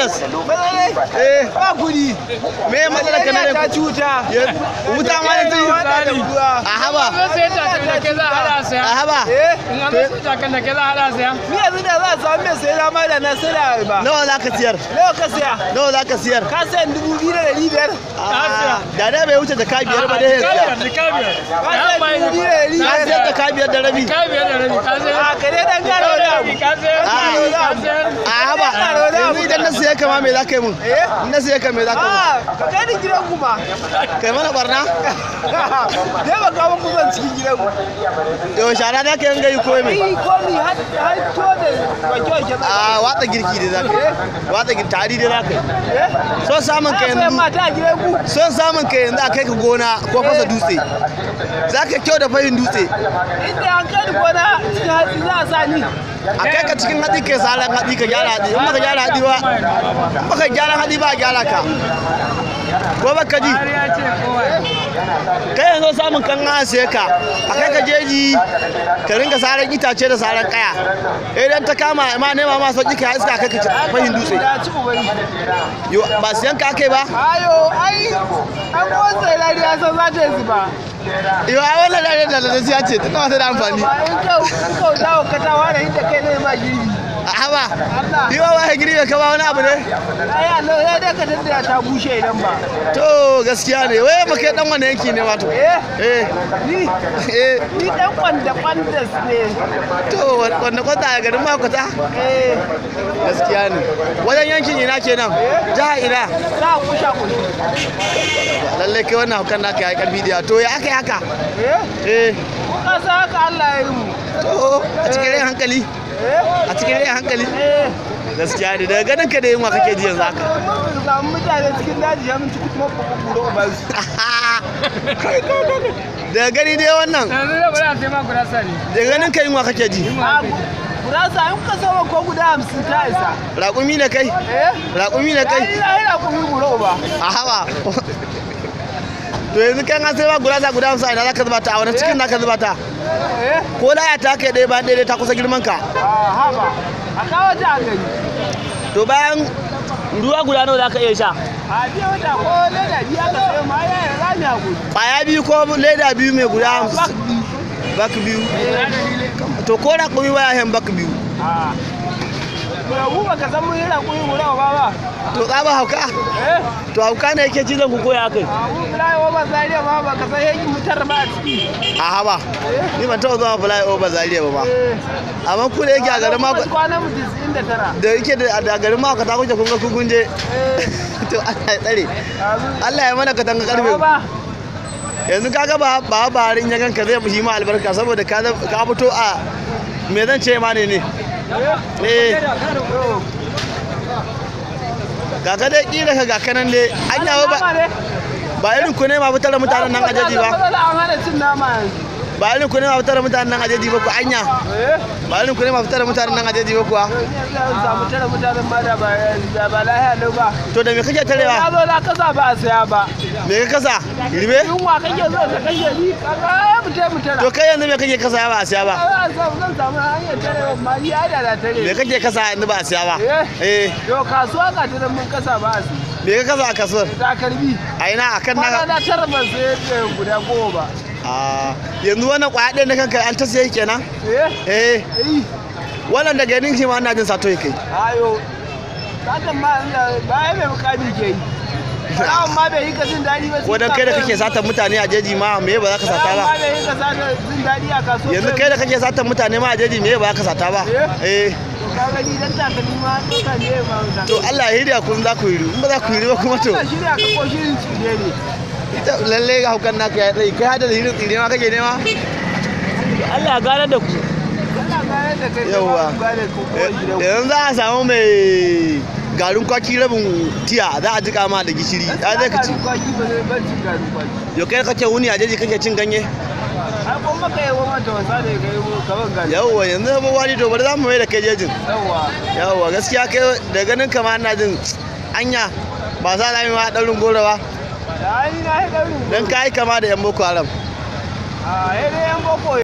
matsalar eh ba guri me matsalar ka wuta ma a haba a haba in da ke za a saya ni yanzu da za a samu mai sai da na sai da ba nawa za ka siyar nawa ka siya nawa za ka siyar ka dubu biyu da biyar ah, da da bai wuce da ka biyar ba ah, dai ya siya ka sayar da ka biyar da rabi ka sayar da rabi ka sayar ah, ka dai dan gara wani abu ma me za mun eh? me ah, ka kai ni gidan ku ma kai mana barna dai ba ku zan cikin gidan ku shara da ko har to da ah, eh? eh? a girki da girki tari da so samun yanzu so samun yanzu a kai ka gona ko fasa dutse za kyau da fahim dutse inda an kai gona cikin hatsi za a sa ni a kai ka cikin hadi ke sa ran ka gyara hadi in baka gyara hadi ba in baka gyara hadi ba a gyara ka ko baka ji kai yanzu samun kan na sai ka a kai ka jeji ka ringa saran itace da saran kaya eh, idan ta kama ma ne ma sauki ka iska kai ka fahim dutse yo ba siyan ka kai ba ayo ai an ko sai lariya san zace su ba Iwa wannan da da da siya ce tana wata da amfani. Ba in kau ka tawa da inda kai ne ma gidi. haba ni ba ba gini ka kama wani abu ne ai Allah ya dai ka tanda ta bushe idan ba to gaskiya ne waye maka dan wani yanki ne wato eh, eh ni eh ni dan kwanda kwandas ne to wanda kwanda a garin makwata eh gaskiya ne wajen yankin ina kenan eh. jaha ina za ku sha ku lalle kai wannan hukan naka yayi karfi da to ya aka yi haka eh eh kuka haka Allah ya yi mu to a cikin eh. hankali a cikin rai hankali gaskiya ne daga ganin ka da yunwa kake ji yanzu haka daga gani dai wannan daga ganin ka yunwa kake ji gurasa in ka soma ko guda hamsin ta isa raƙumi na kai raƙumi na kai ya yi raƙumi guro ba a hawa to yanzu kan an sai ba gurasa guda hamsin a ina za ka zuba a wani cikin za ka zuba ko laya ta kai ɗaya bayan ɗaya ta kusa girman ka a kawo ji an gani to bayan ruwa guda nawa za ka iya sha a biyu wata ko leda biyu aka sayo ma ya yi rami a gudu ƙwaya biyu ko leda biyu mai guda hamsin bak biyu eh, to ko raƙumi ba ya hen bak biyu ah. ba mu baka san mun yi raƙumi guda ba to tsaba hauka eh? to hauka ne yake cizon ku koya akai zaria ba ka san mutar ba a ciki a haba eh? ni ban taɓa zuwa over zaria ba eh. amma ku da yake a garin mako da yake da garin mako ta kuke kun ga kun gunje to Allah ya tsare Allah ya mana katanga karfe yanzu kaga ba ba barin ya ganka zai shi ma albarka saboda ka ka fito a me zan ce ma ne ne eh ga dai kila ka ga kanan dai an yawo ba ba irin ku ne ma fitar da mutanen nan ajaji ba ba alin ku ne ma fitar mutanen nan ajeji ba ku anya ba alin ku ne ma fitar mutanen nan ajeji ba kuwa mutanen ma da ba lahiya lau ba to da me kake tarewa na zo na kasa ba a saya ba me ka kasa ribe wa kake zo ta kake ni ka mu mutai mutara to kai yanzu me kake kasa ba a saya ba zan samu hanyar tarewa ma ni ai da tare me kake kasa yanzu ba a saya ba eh, eh. to kasuwa ka tare mun kasa ba a saya me ka kasa a kasuwar takarbi a ina akan na ba na tare sai guda goma ba yanzu wannan kwaya ɗaya na kanka an ta siya kenan eh? Eh. eh wannan daga yanin shi ma ina jin sato yake ayo satan ma inda ba ya mai bukami ke yi Sa'an ma bai yi ka jin daɗi ba Wadan kai da kake satan mutane a jeji ma me ba za ka sata ba? Yanzu kai da kake satan mutane ma a jeji me ba za ka sata ba? Eh. eh. To Allah ya hirya kun za ku yi ba za ku yi ba kuma to. lalle ga haukan naka ya tsayi kai hada da hirin tsire ma kake nema Allah gane da ku yauwa eh, yanzu za a samu mai garin kwaki rabin tiya za a jika ma da gishiri a zai kaci yau kai kake wuni a jeji kake cin ganye yauwa yanzu haɓar wani to bari za mu mai da kai jejin yauwa gaskiya kai da ganin kama na jin anya ba za a yi ma ɗaurin goro ba dan ka kama da yan boko haram a ah, yan eh, boko